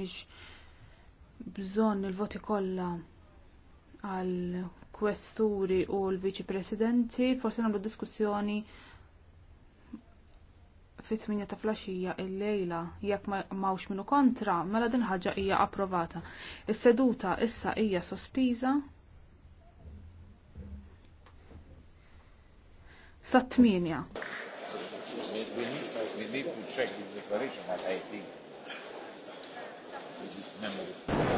m'għandniex bżonn il-voti kollha għal kwesturi u l-viċi presidenti, forsi nagħmlu diskussjoni fit-8 ta' flaxija il-lejla jekk m'hawnx minu kontra, mela din ħaġa hija approvata. Is-seduta issa hija sospiża. Sa' tminja memorable.